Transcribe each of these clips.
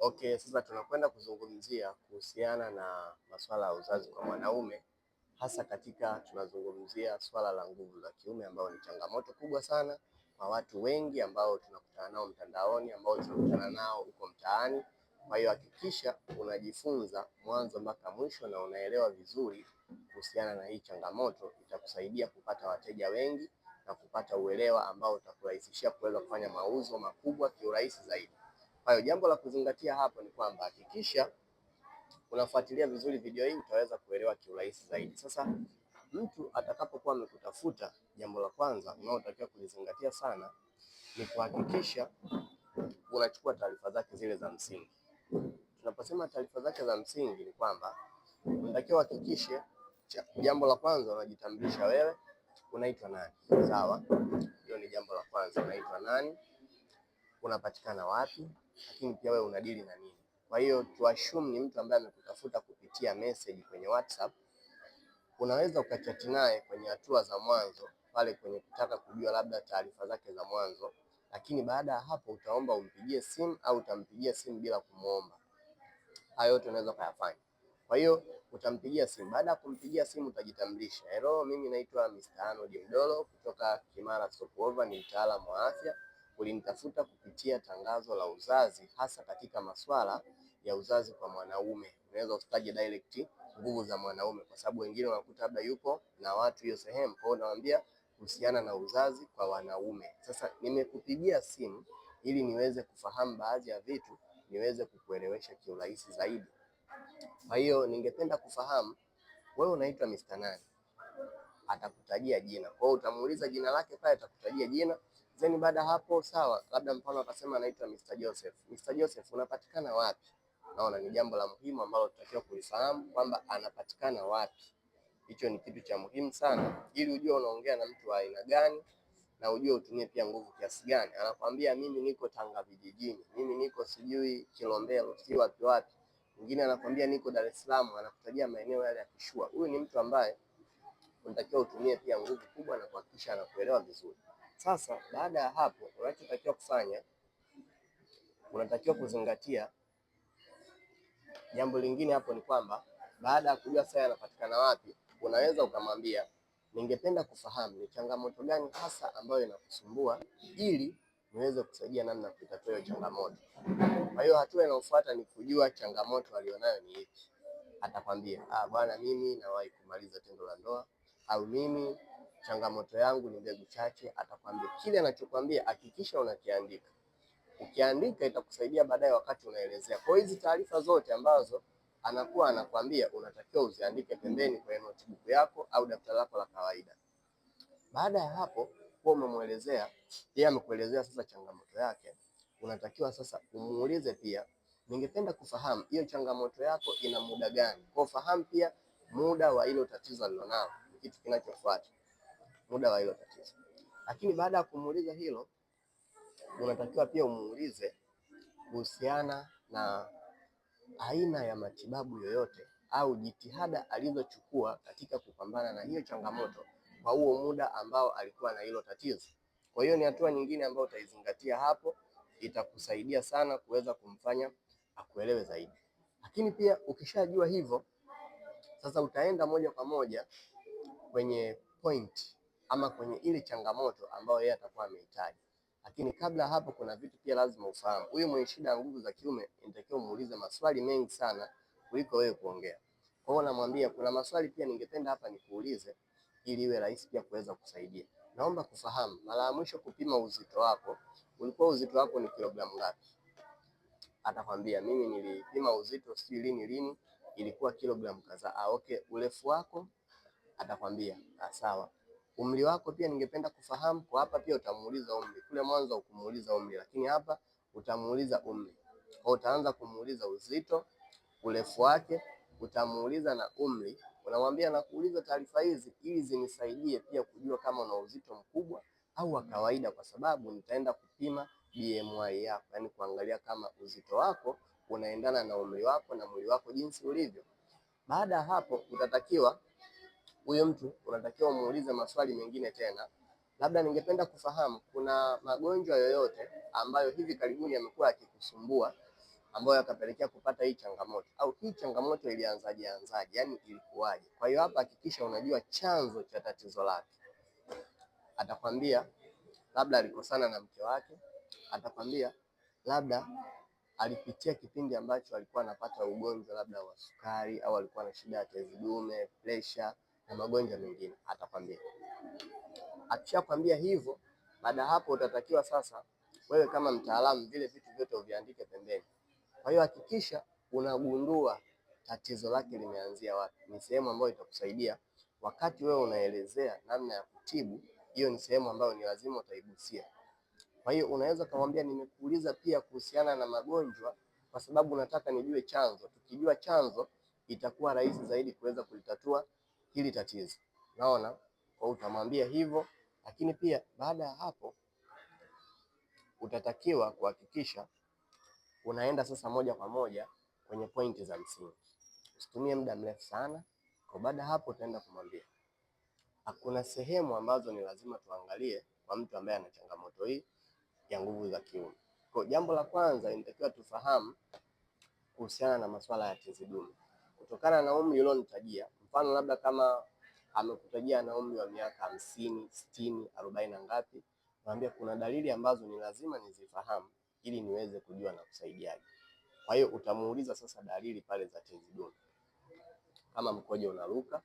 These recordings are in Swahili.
Okay, sasa tunakwenda kuzungumzia kuhusiana na masuala ya uzazi kwa mwanaume, hasa katika tunazungumzia swala la nguvu za kiume, ambayo ni changamoto kubwa sana kwa watu wengi ambao tunakutana nao mtandaoni, ambao tunakutana nao huko mtaani. Kwa hiyo hakikisha unajifunza mwanzo mpaka mwisho na unaelewa vizuri kuhusiana na hii changamoto, itakusaidia kupata wateja wengi na kupata uelewa ambao utakurahisishia kuweza kufanya mauzo makubwa kiurahisi zaidi. Kwa hiyo jambo la kuzingatia hapo ni kwamba hakikisha unafuatilia vizuri video hii, utaweza kuelewa kiurahisi zaidi. Sasa mtu atakapokuwa amekutafuta, jambo la kwanza unaotakiwa kulizingatia sana ni kuhakikisha unachukua taarifa zake zile za msingi. Tunaposema taarifa zake za msingi ni kwamba unatakiwa uhakikishe, jambo la kwanza unajitambulisha wewe, unaitwa nani? Sawa, hiyo ni jambo la kwanza, unaitwa nani? Unapatikana wapi? lakini pia wewe unadili na nini. Kwa hiyo tuashume ni mtu ambaye amekutafuta kupitia message kwenye WhatsApp, unaweza ukachati naye kwenye hatua za mwanzo pale kwenye kutaka kujua labda taarifa zake za mwanzo, lakini baada ya hapo utaomba umpigie simu au utampigia simu bila kumuomba. Hayo yote unaweza kuyafanya. Kwa hiyo utampigia simu. Baada ya kumpigia simu utajitambulisha, hello, mimi naitwa Mr. Arnold Mdolo kutoka Kimara Sokova, ni mtaalamu wa afya ulinitafuta kupitia tangazo la uzazi, hasa katika masuala ya uzazi kwa mwanaume. Unaweza usitaje direct nguvu za mwanaume, kwa sababu wengine wanakuta labda yupo na watu hiyo sehemu. kwao hiyo kuhusiana na uzazi kwa wanaume. Sasa nimekupigia simu ili niweze kufahamu baadhi ya vitu niweze kukuelewesha kiurahisi zaidi. Kwa hiyo ningependa kufahamu wewe unaitwa Mr. nani? Atakutajia jina. Kwa hiyo utamuuliza jina lake pale, atakutajia jina Then baada hapo sawa, labda mfano akasema anaitwa Mr. Joseph. Mr. Joseph unapatikana wapi? Naona ni jambo la muhimu ambalo tunatakiwa kulifahamu kwamba anapatikana wapi. Hicho ni kitu cha muhimu sana, ili ujue unaongea na mtu wa aina gani na ujue utumie pia nguvu kiasi gani. Anakwambia mimi niko Tanga vijijini, mimi niko sijui Kilombero, si wapi wapi. Mwingine anakwambia niko Dar es Salaam, anakutajia maeneo yale ya kishua. Huyu ni mtu ambaye unatakiwa utumie pia nguvu kubwa na kuhakikisha anakuelewa vizuri. Sasa baada ya hapo, unachotakiwa kufanya, unatakiwa kuzingatia jambo lingine hapo ni kwamba baada ya kujua saa yanapatikana wapi, unaweza ukamwambia, ningependa kufahamu ni changamoto gani hasa ambayo inakusumbua ili niweze kusaidia namna ya kutatua hiyo changamoto. Kwa hiyo hatua inayofuata ni kujua changamoto aliyonayo ni ipi. Atakwambia, ah, bwana mimi nawahi kumaliza tendo la ndoa au mimi changamoto yangu ni mbegu chache, atakwambia kile anachokwambia hakikisha unakiandika. Ukiandika itakusaidia baadaye wakati unaelezea. Kwa hizi taarifa zote ambazo anakuwa anakwambia unatakiwa uziandike pembeni kwenye notebook yako au daftari lako la kawaida. Baada ya hapo, kwa umemwelezea yeye, amekuelezea sasa changamoto yake, unatakiwa sasa umuulize pia, ningependa kufahamu hiyo changamoto yako ina muda gani? Kwa fahamu pia muda wa hilo tatizo alilonalo, kitu kinachofuata muda wa hilo tatizo. Lakini baada ya kumuuliza hilo, unatakiwa pia umuulize kuhusiana na aina ya matibabu yoyote au jitihada alizochukua katika kupambana na hiyo changamoto kwa huo muda ambao alikuwa na hilo tatizo. Kwa hiyo ni hatua nyingine ambayo utaizingatia hapo, itakusaidia sana kuweza kumfanya akuelewe zaidi. Lakini pia ukishajua hivyo, sasa utaenda moja kwa moja kwenye point ama kwenye ile changamoto ambayo yeye atakuwa amehitaji. Lakini kabla hapo, kuna vitu pia lazima ufahamu. Huyu mwenye shida ya nguvu za kiume inatakiwa muulize maswali mengi sana kuliko wewe kuongea. Kwa hiyo namwambia kuna maswali pia ningependa hapa nikuulize ili iwe rahisi pia kuweza kusaidia. Naomba kufahamu mara ya mwisho kupima uzito wako ulikuwa uzito wako ni kilogramu ngapi? Atakwambia mimi nilipima uzito si lini lini, ilikuwa kilogramu kadhaa. Ah, okay, urefu wako? Atakwambia ah, sawa. Umri wako pia ningependa kufahamu. Kwa hapa pia utamuuliza umri, kule mwanzo ukumuuliza umri, lakini hapa utamuuliza umri. Kwa utaanza kumuuliza uzito, urefu wake, utamuuliza na umri. Unamwambia nakuuliza taarifa hizi ili zinisaidie pia kujua kama una uzito mkubwa au wa kawaida, kwa sababu nitaenda kupima BMI yako, yani kuangalia kama uzito wako unaendana na umri wako na mwili wako jinsi ulivyo. Baada ya hapo utatakiwa huyo mtu unatakiwa muulize maswali mengine tena. Labda ningependa kufahamu kuna magonjwa yoyote ambayo hivi karibuni yamekuwa yakikusumbua ambayo yakapelekea kupata hii changamoto au hii changamoto ilianzaje anzaje, yani ilikuwaje? Kwa hiyo hapa hakikisha unajua chanzo cha tatizo lake. Atakwambia labda alikosana na mke wake, atakwambia labda alipitia kipindi ambacho alikuwa anapata ugonjwa labda wa sukari au alikuwa na shida ya tezi dume, pressure na magonjwa mengine atakwambia. Akishakwambia hivyo, baada hapo utatakiwa sasa wewe kama mtaalamu vile vitu vyote uviandike pembeni. Kwa hiyo hakikisha unagundua tatizo lake limeanzia wapi. Ni sehemu ambayo itakusaidia wakati wewe unaelezea namna ya kutibu, hiyo ni sehemu ambayo ni lazima utaigusia. Kwa hiyo unaweza kumwambia, nimekuuliza pia kuhusiana na magonjwa kwa sababu nataka nijue chanzo. Tukijua chanzo itakuwa rahisi zaidi kuweza kulitatua hili tatizo. naona kwa utamwambia hivyo, lakini pia baada ya hapo utatakiwa kuhakikisha unaenda sasa moja kwa moja kwenye pointi za msingi, usitumie muda mrefu sana. Kwa baada hapo utaenda kumwambia hakuna sehemu ambazo ni lazima tuangalie kwa mtu ambaye ana changamoto hii ya nguvu za kiume. Kwa jambo la kwanza inatakiwa tufahamu kuhusiana na masuala ya tezi dume. Kutokana na umri ulionitajia, Mfano labda kama amekutajia na umri wa miaka hamsini, sitini, arobaini na ngapi, naambia kuna dalili ambazo ni lazima nizifahamu ili niweze kujua na kusaidiaje. Kwa hiyo utamuuliza sasa dalili pale za tezi dume, kama mkojo unaruka,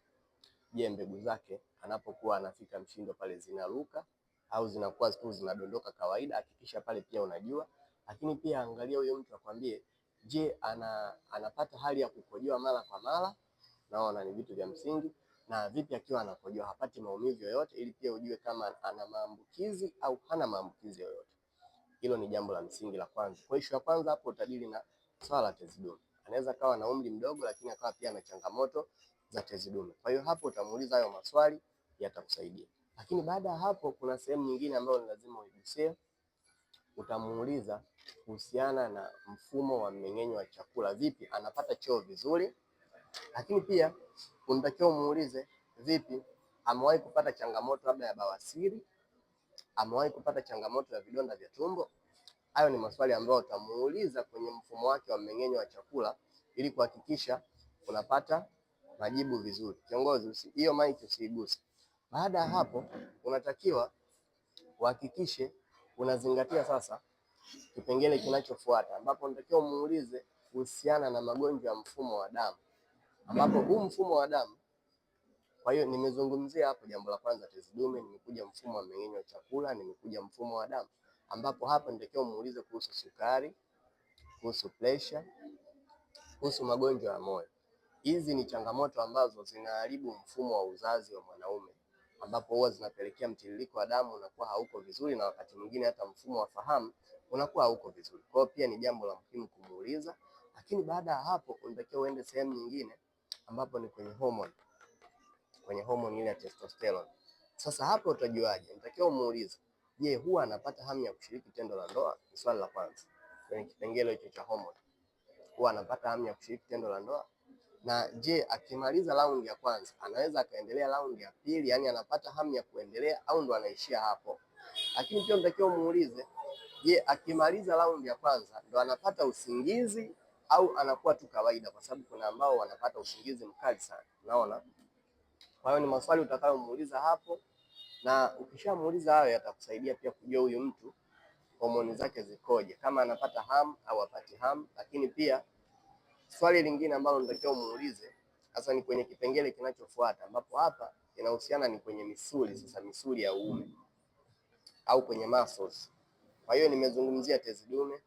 je, mbegu zake anapokuwa anafika mshindo pale zinaruka au zinakuwa tu zinadondoka kawaida? Hakikisha pale pia unajua, lakini pia angalia huyo mtu akwambie, je, ana, anapata hali ya kukojoa mara kwa mara naona ni vitu vya msingi, na vipi akiwa anapojua hapati maumivu yoyote, ili pia ujue kama ana maambukizi au hana maambukizi yoyote. Hilo ni jambo la msingi la kwanza. Kwa hiyo ya kwanza hapo utadili na swala la tezi dume. Anaweza kawa na umri mdogo, lakini akawa pia na changamoto za tezi dume. Kwa hiyo hapo utamuuliza hayo maswali yatakusaidia. Lakini baada ya hapo, kuna sehemu nyingine ambayo ni lazima uigusie. Utamuuliza kuhusiana na mfumo wa mmeng'enyo wa chakula, vipi anapata choo vizuri lakini pia unatakiwa muulize, vipi, amewahi kupata changamoto labda ya bawasiri, amewahi kupata changamoto ya vidonda vya tumbo? Hayo ni maswali ambayo utamuuliza kwenye mfumo wake wa mmeng'enyo wa chakula ili kuhakikisha unapata majibu vizuri. Kiongozi, hiyo mic usiiguse. Baada ya hapo, unatakiwa uhakikishe unazingatia sasa kipengele kinachofuata ambapo unatakiwa muulize kuhusiana na magonjwa ya mfumo wa damu ambapo huu mfumo wa damu, kwa hiyo nimezungumzia hapo jambo la kwanza tezi dume, nimekuja mfumo wa mmeng'enyo wa chakula, nimekuja mfumo wa damu, ambapo hapa nitakiwa muulize kuhusu sukari, kuhusu pressure, kuhusu magonjwa ya moyo. Hizi ni changamoto ambazo zinaharibu mfumo wa uzazi wa mwanaume ambapo huwa zinapelekea mtiririko wa damu unakuwa hauko vizuri, na wakati mwingine hata mfumo wa fahamu unakuwa hauko vizuri. Kwa hiyo pia ni jambo la muhimu kumuuliza, lakini baada ya hapo unatakiwa uende sehemu nyingine ambapo ni kwenye hormone, kwenye hormone ile ya testosterone. Sasa hapo utajuaje? Nitakiwa umuulize, je, huwa anapata hamu ya kushiriki tendo la ndoa? Ni swali la kwanza kwenye kipengele hicho cha hormone, huwa anapata hamu ya kushiriki tendo la ndoa? Na je, akimaliza raundi ya kwanza anaweza akaendelea raundi ya pili, yani anapata hamu ya kuendelea au ndo anaishia hapo? Lakini pia mtakiwa muulize, je, akimaliza raundi ya kwanza ndo anapata usingizi au anakuwa tu kawaida, kwa sababu kuna ambao wanapata usingizi mkali sana, unaona. Kwa hiyo ni maswali utakayomuuliza hapo, na ukishamuuliza hayo yatakusaidia pia kujua huyu mtu homoni zake zikoje, kama anapata hamu au apati hamu. Lakini pia swali lingine ambalo nitakiwa umuulize sasa ni kwenye kipengele kinachofuata, ambapo hapa inahusiana ni kwenye misuli, sasa misuli ya uume au kwenye muscles. Kwa hiyo nimezungumzia tezi dume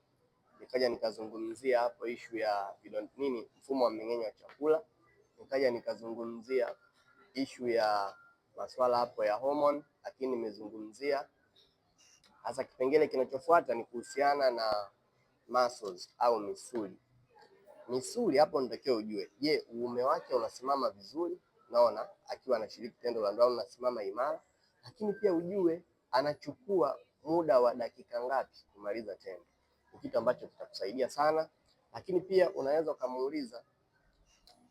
nikaja nikazungumzia hapo ishu ya vidonda nini, mfumo wa mmeng'enyo wa chakula, nikaja nikazungumzia ishu ya masuala hapo ya hormone, lakini nimezungumzia hasa kipengele kinachofuata ni kuhusiana na muscles au misuli. Misuli hapo nitakiwa ujue, je, uume wake unasimama vizuri? Naona akiwa anashiriki tendo la ndoa unasimama imara, lakini pia ujue anachukua muda wa dakika ngapi kumaliza tendo ni kitu ambacho kitakusaidia sana, lakini pia unaweza ukamuuliza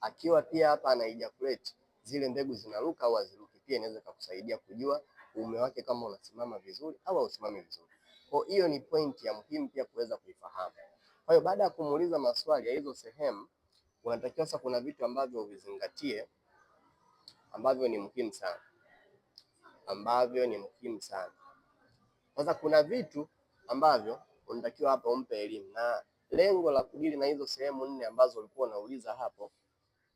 akiwa pia hapa anaijakuleti zile mbegu zinaruka au haziruki, pia inaweza kukusaidia kujua uume wake kama unasimama vizuri au hausimami vizuri. Kwa hiyo ni point ya muhimu pia kuweza kuifahamu. Kwa hiyo baada ya kumuuliza maswali ya hizo sehemu, unatakiwa sasa, kuna vitu ambavyo uvizingatie ambavyo ni muhimu sana, ambavyo ni muhimu sana. Sasa kuna vitu ambavyo unatakiwa hapa umpe elimu, na lengo la kudili na hizo sehemu nne ambazo ulikuwa unauliza hapo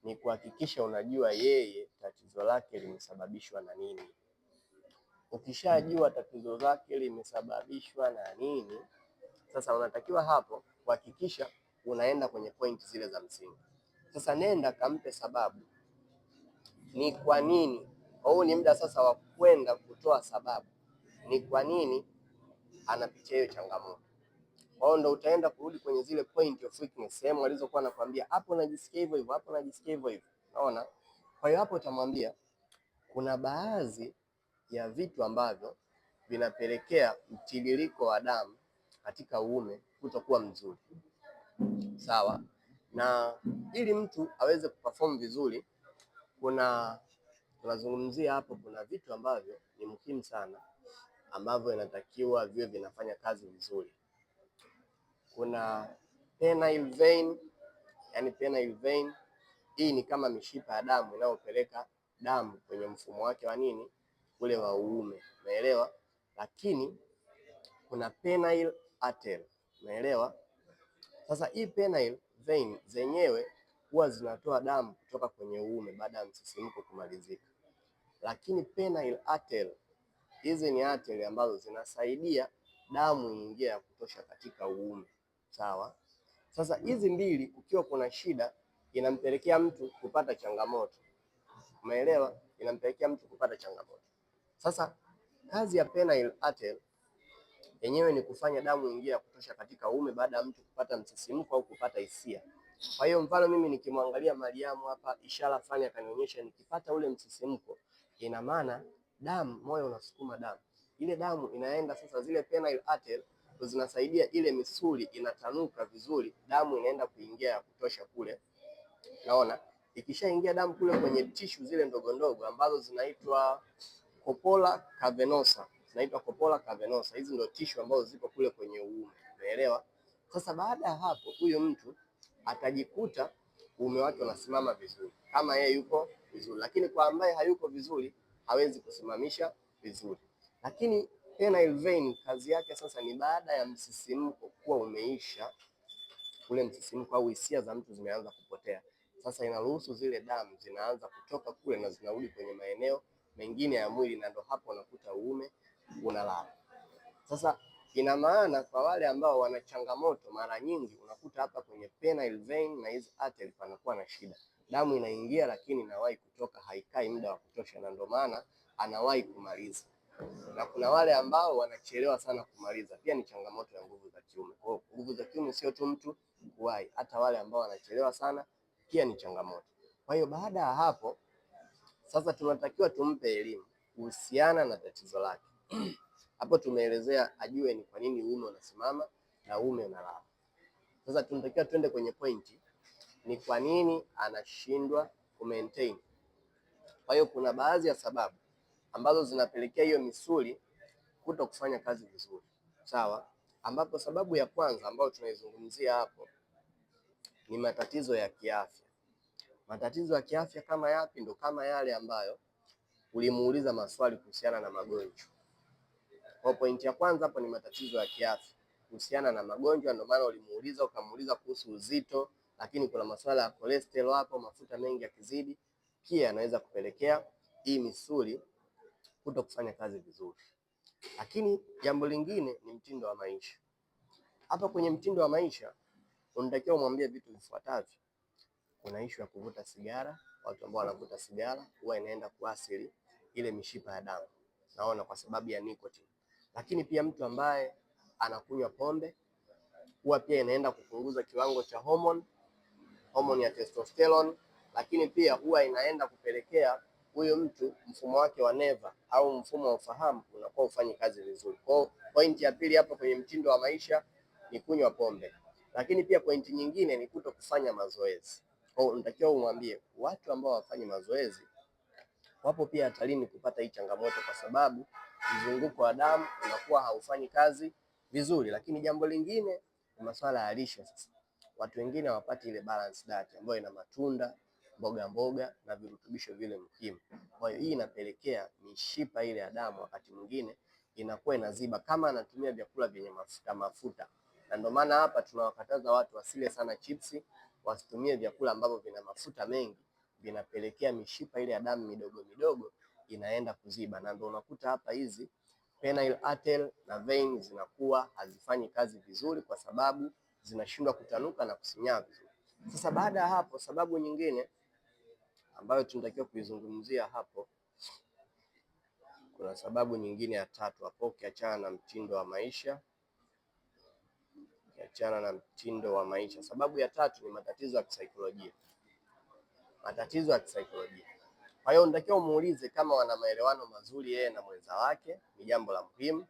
ni kuhakikisha unajua yeye tatizo lake limesababishwa na nini. Ukishajua mm. tatizo lake limesababishwa na nini, sasa unatakiwa hapo kuhakikisha unaenda kwenye pointi zile za msingi. Sasa nenda kampe sababu, ni kwa nini. Huu ni muda sasa wa kwenda kutoa sababu, ni kwa nini anapitia hiyo changamoto. Kwa hiyo ndo utaenda kurudi kwenye zile point of weakness, sehemu alizokuwa anakuambia hapo najisikia hivyo hivyo, hapo najisikia hivyo hivyo. Unaona? Kwa hiyo hapo utamwambia kuna baadhi ya vitu ambavyo vinapelekea mtiririko wa damu katika uume kutokuwa mzuri. Sawa? Na ili mtu aweze kuperform vizuri, kuna tunazungumzia hapo, kuna vitu ambavyo ni muhimu sana ambavyo inatakiwa viwe vinafanya kazi vizuri kuna penile vein, yani penile vein hii ni kama mishipa ya damu inayopeleka damu kwenye mfumo wake wa nini ule wa uume, umeelewa? Lakini kuna penile artery, umeelewa? Sasa hii penile vein zenyewe huwa zinatoa damu kutoka kwenye uume baada ya msisimko kumalizika, lakini penile artery hizi ni artery ambazo zinasaidia damu iingie ya kutosha katika uume. Sawa. Sasa hizi mbili kukiwa kuna shida inampelekea mtu kupata changamoto. Umeelewa? Inampelekea mtu kupata changamoto. Sasa kazi ya penile artery yenyewe ni kufanya damu ingia ya kutosha katika uume baada ya mtu kupata msisimko au kupata hisia. Kwa hiyo mfano mimi nikimwangalia Mariamu hapa, ishara fulani akanionyesha, nikipata ule msisimko, ina maana damu, moyo unasukuma damu, ile damu inaenda sasa, zile penile artery zinasaidia ile misuli inatanuka vizuri, damu inaenda kuingia ya kutosha kule, naona ikishaingia damu kule kwenye tishu zile ndogo ndogo ambazo zinaitwa corpora cavernosa, zinaitwa corpora cavernosa. Hizi ndio tishu ambazo ziko kule kwenye uume, umeelewa? Sasa baada ya hapo, huyo mtu atajikuta uume wake unasimama vizuri, kama yeye yuko vizuri, lakini kwa ambaye hayuko vizuri hawezi kusimamisha vizuri, lakini Penile vein kazi yake sasa ni baada ya msisimko kuwa umeisha, ule msisimko au hisia za mtu zimeanza kupotea, sasa inaruhusu zile damu zinaanza kutoka kule na zinarudi kwenye maeneo mengine ya mwili, na ndo hapo unakuta uume unalala. Sasa ina maana kwa wale ambao wana changamoto, mara nyingi unakuta hapa kwenye penile vein na hizi artery panakuwa na shida, damu inaingia lakini inawahi kutoka, haikai muda wa kutosha, na ndo maana anawahi kumaliza na kuna wale ambao wanachelewa sana kumaliza, pia ni changamoto ya nguvu za kiume. Kwa hiyo nguvu za kiume sio tu mtu kuwahi, hata wale ambao wanachelewa sana pia ni changamoto. Kwa hiyo baada ya hapo sasa tunatakiwa tumpe elimu kuhusiana na tatizo lake. Hapo tumeelezea ajue ni kwa nini uume unasimama na uume unalala. Sasa tunatakiwa twende kwenye pointi, ni kwa nini anashindwa kumaintain. Kwa hiyo kuna baadhi ya sababu ambazo zinapelekea hiyo misuli kuto kufanya kazi vizuri, sawa. Ambapo sababu ya kwanza ambayo tunaizungumzia hapo ni matatizo ya kiafya. Matatizo ya kiafya kama yapi? Ndo kama yale ambayo ulimuuliza maswali kuhusiana na magonjwa. Kwa pointi ya kwanza hapo ni matatizo ya kiafya kuhusiana na magonjwa, ndio maana ulimuuliza ukamuuliza kuhusu uzito, lakini kuna masuala ya cholesterol hapo, mafuta mengi yakizidi pia yanaweza kupelekea hii misuli kuto kufanya kazi vizuri. Lakini jambo lingine ni mtindo wa maisha. Hapa kwenye mtindo wa maisha unatakiwa umwambie vitu vifuatavyo. Kuna ishu ya kuvuta sigara, watu ambao wanavuta sigara huwa inaenda kuathiri ile mishipa ya damu, naona kwa sababu ya nikotini. Lakini pia mtu ambaye anakunywa pombe huwa pia inaenda kupunguza kiwango cha homoni, homoni ya testosterone, lakini pia huwa inaenda kupelekea huyo mtu mfumo wake wa neva au mfumo wa ufahamu unakuwa ufanye kazi vizuri. Kwa pointi ya pili hapa kwenye mtindo wa maisha ni kunywa pombe, lakini pia pointi nyingine ni kuto kufanya mazoezi. Kwao unatakiwa umwambie, watu ambao hawafanyi mazoezi wapo pia hatarini kupata hii changamoto, kwa sababu mzunguko wa damu unakuwa haufanyi kazi vizuri. Lakini jambo lingine ni masuala ya lishe. Sasa watu wengine hawapati ile balance diet ambayo ina matunda mboga mboga na virutubisho vile muhimu. Kwa hiyo hii inapelekea mishipa ile ya damu wakati mwingine inakuwa inaziba kama anatumia vyakula vyenye mafuta mafuta, na ndio maana hapa tunawakataza watu wasile sana chipsi, wasitumie vyakula ambavyo vina mafuta mengi, vinapelekea mishipa ile ya damu midogo midogo inaenda kuziba, na ndio unakuta hapa hizi penile artery na vein zinakuwa hazifanyi kazi vizuri, kwa sababu zinashindwa kutanuka na kusinyaa vizuri. Sasa baada ya hapo, sababu nyingine ambayo tunatakiwa kuizungumzia hapo, kuna sababu nyingine ya tatu hapo, ukiachana na mtindo wa maisha, ukiachana na mtindo wa maisha, sababu ya tatu ni matatizo ya kisaikolojia, matatizo ya kisaikolojia. Kwa hiyo unatakiwa umuulize kama wana maelewano mazuri yeye na mwenza wake, ni jambo la muhimu,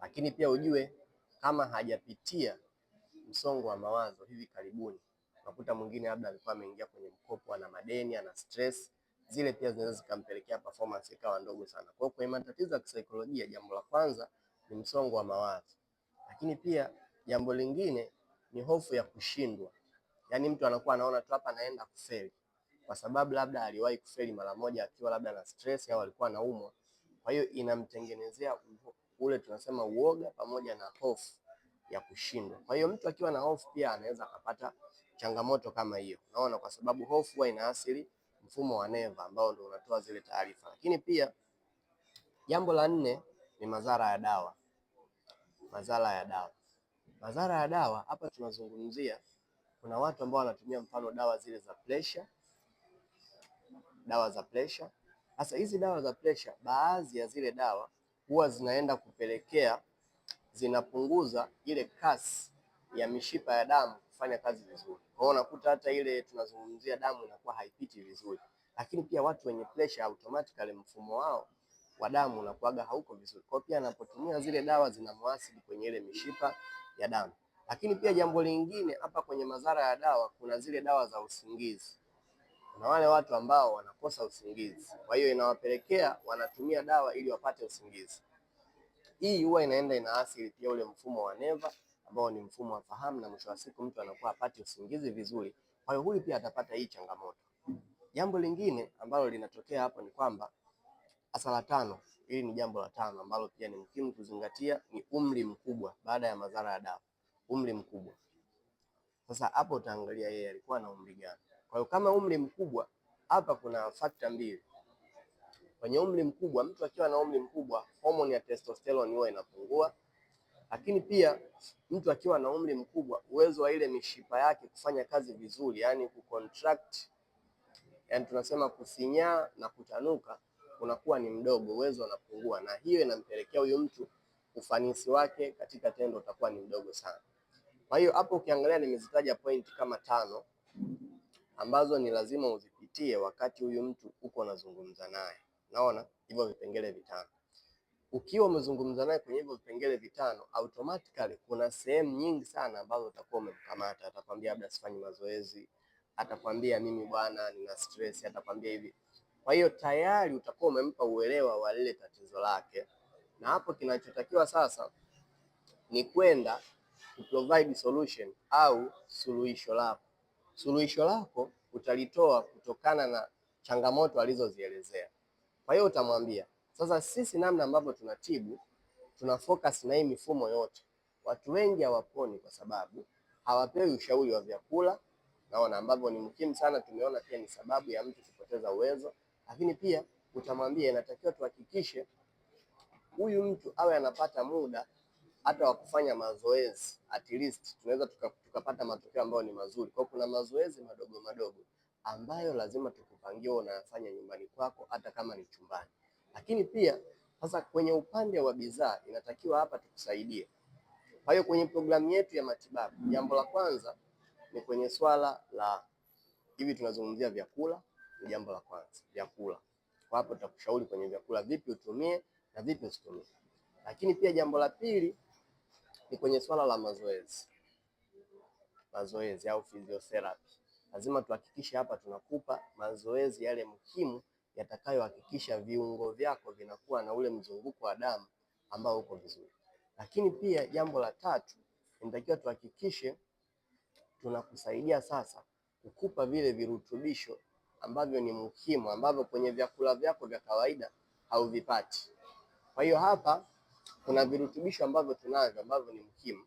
lakini pia ujue kama hajapitia msongo wa mawazo hivi karibuni. Unakuta mwingine labda alikuwa ameingia kwenye mkopo, ana madeni, ana stress, zile pia zinaweza zikampelekea performance ikawa ndogo sana. Kwa hiyo kwenye matatizo ya kisaikolojia, jambo la kwanza ni msongo wa mawazo, lakini pia jambo lingine ni hofu ya kushindwa. Yaani mtu anakuwa anaona tu hapa anaenda kufeli kwa sababu labda aliwahi kufeli mara moja akiwa labda na stress au alikuwa anaumwa. Kwa hiyo inamtengenezea ule tunasema uoga pamoja na hofu ya kushindwa. Kwa hiyo mtu akiwa na hofu pia anaweza akapata changamoto kama hiyo, naona kwa sababu hofu huwa inaathiri mfumo wa neva ambao ndio unatoa zile taarifa. Lakini pia jambo la nne ni madhara ya dawa. Madhara ya dawa, madhara ya dawa hapa tunazungumzia, kuna watu ambao wanatumia mfano dawa zile za pressure, dawa za pressure. Sasa hizi dawa za pressure, baadhi ya zile dawa huwa zinaenda kupelekea, zinapunguza ile kasi ya mishipa ya damu kufanya kazi vizuri. Kwa hiyo unakuta hata ile tunazungumzia damu inakuwa haipiti vizuri, lakini pia watu wenye pressure automatically mfumo wao wa damu unakuaga hauko vizuri. Kwa hiyo pia anapotumia zile dawa zinamwasili kwenye ile mishipa ya damu. Lakini pia jambo lingine hapa kwenye madhara ya dawa, kuna zile dawa za usingizi. Kuna wale watu ambao wanakosa usingizi, kwa hiyo inawapelekea wanatumia dawa ili wapate usingizi. Hii huwa inaenda inaathiri pia ule mfumo wa neva ambao ni mfumo wa fahamu, na mwisho wa siku mtu anakuwa apate usingizi vizuri. Kwa hiyo huyu pia atapata hii changamoto. Jambo lingine ambalo linatokea hapo ni kwamba hasa la tano, hili ni jambo la tano ambalo pia ni muhimu kuzingatia, ni umri mkubwa baada ya madhara ya dawa. Umri mkubwa sasa, hapo utaangalia yeye alikuwa na umri gani. Kwa hiyo kama umri mkubwa, hapa kuna fakta mbili kwenye umri mkubwa. Mtu akiwa na umri mkubwa, homoni ya testosterone huwa inapungua, lakini pia mtu akiwa na umri mkubwa, uwezo wa ile mishipa yake kufanya kazi vizuri, yani kucontract, yani tunasema kusinyaa na kutanuka, unakuwa ni mdogo, uwezo unapungua, na hiyo inampelekea huyu mtu ufanisi wake katika tendo utakuwa ni mdogo sana. Kwa hiyo hapo ukiangalia, nimezitaja point kama tano ambazo ni lazima uzipitie wakati huyu mtu uko unazungumza naye. Naona hivyo vipengele vitano ukiwa umezungumza naye kwenye hivyo vipengele vitano, automatically kuna sehemu nyingi sana ambazo utakuwa umemkamata. Atakwambia labda sifanyi mazoezi, atakwambia mimi bwana nina stress, atakwambia hivi. Kwa hiyo tayari utakuwa umempa uelewa wa lile tatizo lake, na hapo kinachotakiwa sasa ni kwenda provide solution au suluhisho lako. Suluhisho lako utalitoa kutokana na changamoto alizozielezea. Kwa hiyo utamwambia sasa sisi namna ambavyo tunatibu tuna focus na hii mifumo yote. Watu wengi hawaponi kwa sababu hawapewi ushauri wa vyakula, naona ambavyo ni muhimu sana. Tumeona pia ni sababu ya mtu kupoteza uwezo, lakini pia utamwambia inatakiwa tuhakikishe huyu mtu awe anapata muda hata wa kufanya mazoezi at least tunaweza tukapata matokeo ambayo ni mazuri. Kwa kuna mazoezi madogo madogo ambayo lazima tukupangie unayafanya nyumbani kwako, hata kama ni chumbani. Lakini pia sasa kwenye upande wa bidhaa inatakiwa hapa tukusaidie. Kwa hiyo kwenye programu yetu ya matibabu, jambo la kwanza ni kwenye swala la hivi, tunazungumzia vyakula, ni jambo la kwanza vyakula. Kwa hapo tutakushauri kwenye vyakula vipi utumie na vipi usitumie. Lakini pia jambo la pili ni kwenye swala la mazoezi, mazoezi au physiotherapy. Lazima tuhakikishe hapa tunakupa mazoezi yale muhimu yatakayohakikisha viungo vyako vinakuwa na ule mzunguko wa damu ambao uko vizuri. Lakini pia jambo la tatu, inatakiwa tuhakikishe tunakusaidia sasa kukupa vile virutubisho ambavyo ni muhimu ambavyo kwenye vyakula vyako vya kawaida hauvipati. Kwa hiyo hapa kuna virutubisho ambavyo tunavyo ambavyo ni muhimu.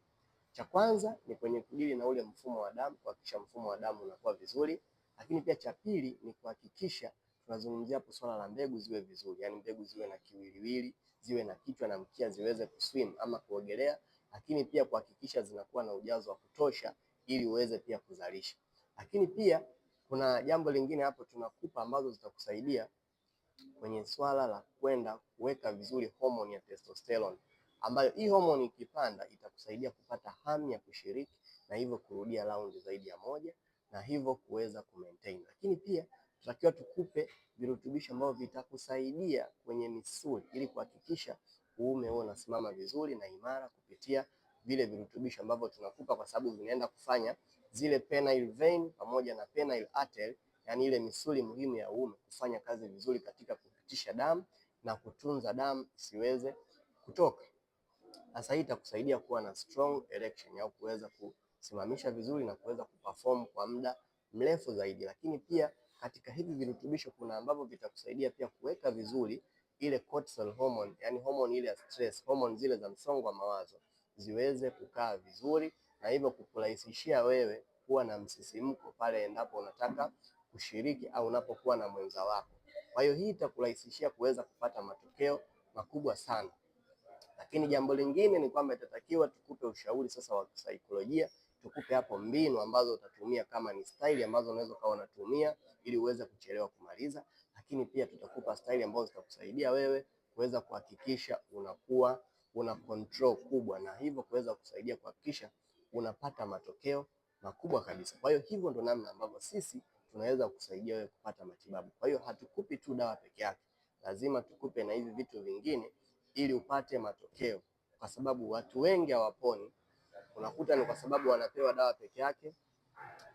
Cha kwanza ni kwenye kudili na ule mfumo wa damu, kuhakikisha mfumo wa damu unakuwa vizuri, lakini pia cha pili ni kuhakikisha tunazungumzia hapo swala la mbegu ziwe vizuri, yani mbegu ziwe na kiwiliwili, ziwe na kichwa na mkia, ziweze kuswim ama kuogelea, lakini pia kuhakikisha zinakuwa na ujazo wa kutosha ili uweze pia kuzalisha. Lakini pia kuna jambo lingine hapo tunakupa ambazo zitakusaidia kwenye swala la kwenda kuweka vizuri homoni ya testosterone, ambayo hii homoni ikipanda itakusaidia kupata hamu ya kushiriki na hivyo kurudia raundi zaidi ya moja na hivyo kuweza kumaintain, lakini pia tunatakiwa tukupe virutubisho ambavyo vitakusaidia kwenye misuli ili kuhakikisha uume huo unasimama vizuri na imara kupitia vile virutubisho ambavyo tunakupa, kwa sababu vinaenda kufanya zile penile vein pamoja na penile artery, yani ile misuli muhimu ya uume kufanya kazi vizuri katika kupitisha damu na kutunza damu isiweze kutoka. Sasa hii itakusaidia kuwa na strong erection au kuweza kusimamisha vizuri na kuweza kuperform kwa muda mrefu zaidi, lakini pia katika hivi virutubisho kuna ambavyo vitakusaidia pia kuweka vizuri ile cortisol hormone, yani hormone ile ya stress, hormone zile za msongo wa mawazo ziweze kukaa vizuri na hivyo kukurahisishia wewe kuwa na msisimko pale endapo unataka kushiriki au unapokuwa na mwenza wako. Kwa hiyo hii itakurahisishia kuweza kupata matokeo makubwa sana. Lakini jambo lingine ni kwamba itatakiwa tukupe ushauri sasa wa kisaikolojia tukupe hapo mbinu ambazo utatumia kama ni staili ambazo unaweza kawa unatumia ili uweze kuchelewa kumaliza, lakini pia tutakupa staili ambazo zitakusaidia wewe kuweza kuhakikisha unakuwa una control kubwa, na hivyo kuweza kusaidia kuhakikisha unapata matokeo makubwa kabisa. Kwa hiyo hivyo ndo namna ambavyo sisi tunaweza kusaidia wewe kupata matibabu. Kwa hiyo hatukupi tu dawa peke yake, lazima tukupe na hivi vitu vingine ili upate matokeo, kwa sababu watu wengi hawaponi unakuta ni kwa sababu wanapewa dawa peke yake,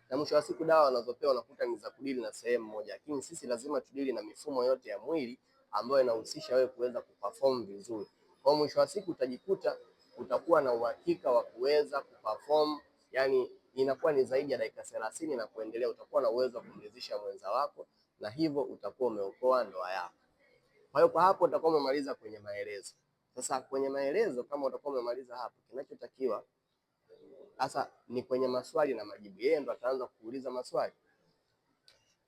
na mwisho wa siku dawa wanazopewa unakuta ni za kudili na sehemu moja, lakini sisi lazima tudili na mifumo yote ya mwili ambayo inahusisha wewe kuweza kuperform vizuri. Kwa mwisho wa siku utajikuta utakuwa na uhakika wa kuweza kuperform, yani inakuwa ni zaidi ya dakika thelathini na kuendelea, utakuwa na uwezo wa kumridhisha mwenza wako na hivyo utakuwa umeokoa ndoa yako. Kwa hiyo kwa hapo utakuwa umemaliza kwenye maelezo. Sasa kwenye maelezo, kama utakuwa umemaliza hapo, kinachotakiwa sasa ni kwenye maswali na majibu, yeye ndo ataanza kuuliza maswali.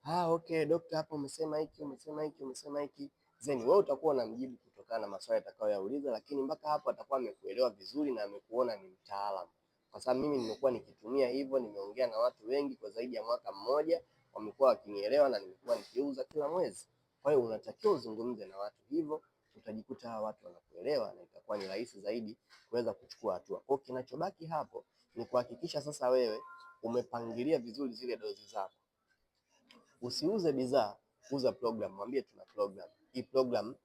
Ah, okay daktari, hapo umesema hiki umesema hiki umesema hiki, then wewe utakuwa na mjibu kutokana na maswali atakayoyauliza, lakini mpaka hapo atakuwa amekuelewa vizuri na amekuona ni mtaalamu, kwa sababu mimi nimekuwa nikitumia hivyo, nimeongea na watu wengi kwa zaidi ya mwaka mmoja, wamekuwa wakinielewa na nimekuwa nikiuza kila mwezi. Kwa hiyo unatakiwa uzungumze na watu hivyo, utajikuta hawa watu wanakuelewa na itakuwa ni rahisi zaidi kuweza kuchukua hatua. Kwa kinachobaki hapo ni kuhakikisha sasa wewe umepangilia vizuri zile dozi zako. Usiuze bidhaa, uza program. Mwambie tuna program hii, program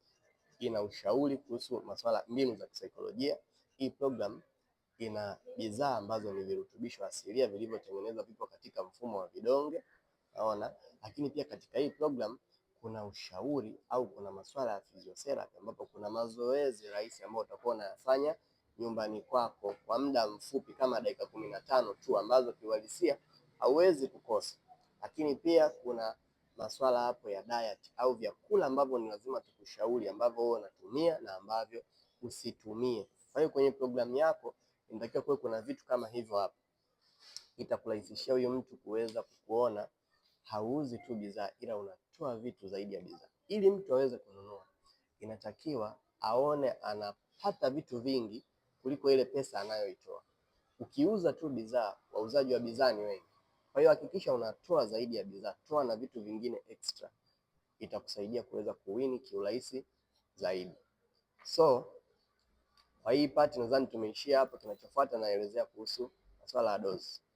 ina ushauri kuhusu masuala, mbinu za kisaikolojia. Hii program ina bidhaa ambazo ni virutubisho asilia vilivyotengenezwa, vipo katika mfumo wa vidonge, naona. Lakini pia katika hii program kuna ushauri au kuna masuala ya physiotherapy, ambapo kuna mazoezi rahisi ambayo utakuwa unayafanya nyumbani kwako kwa muda mfupi kama dakika kumi na tano tu ambazo kiuhalisia hauwezi kukosa. Lakini pia kuna masuala hapo ya diet au vyakula ambavyo ni lazima tukushauri ambavyo wewe unatumia na ambavyo usitumie. Kwa hiyo kwenye programu yako inatakiwa kuwe kuna vitu kama hivyo hapo, itakurahisishia huyo mtu kuweza kukuona hauzi tu bidhaa, ila unatoa vitu zaidi ya bidhaa. Ili mtu aweze kununua, inatakiwa aone anapata vitu vingi kuliko ile pesa anayoitoa. Ukiuza tu bidhaa, wauzaji wa bidhaa ni wengi, kwa hiyo hakikisha unatoa zaidi ya bidhaa, toa na vitu vingine extra, itakusaidia kuweza kuwini kiurahisi zaidi. So kwa hii part nadhani tumeishia hapo. Kinachofuata naelezea kuhusu masuala ya dozi.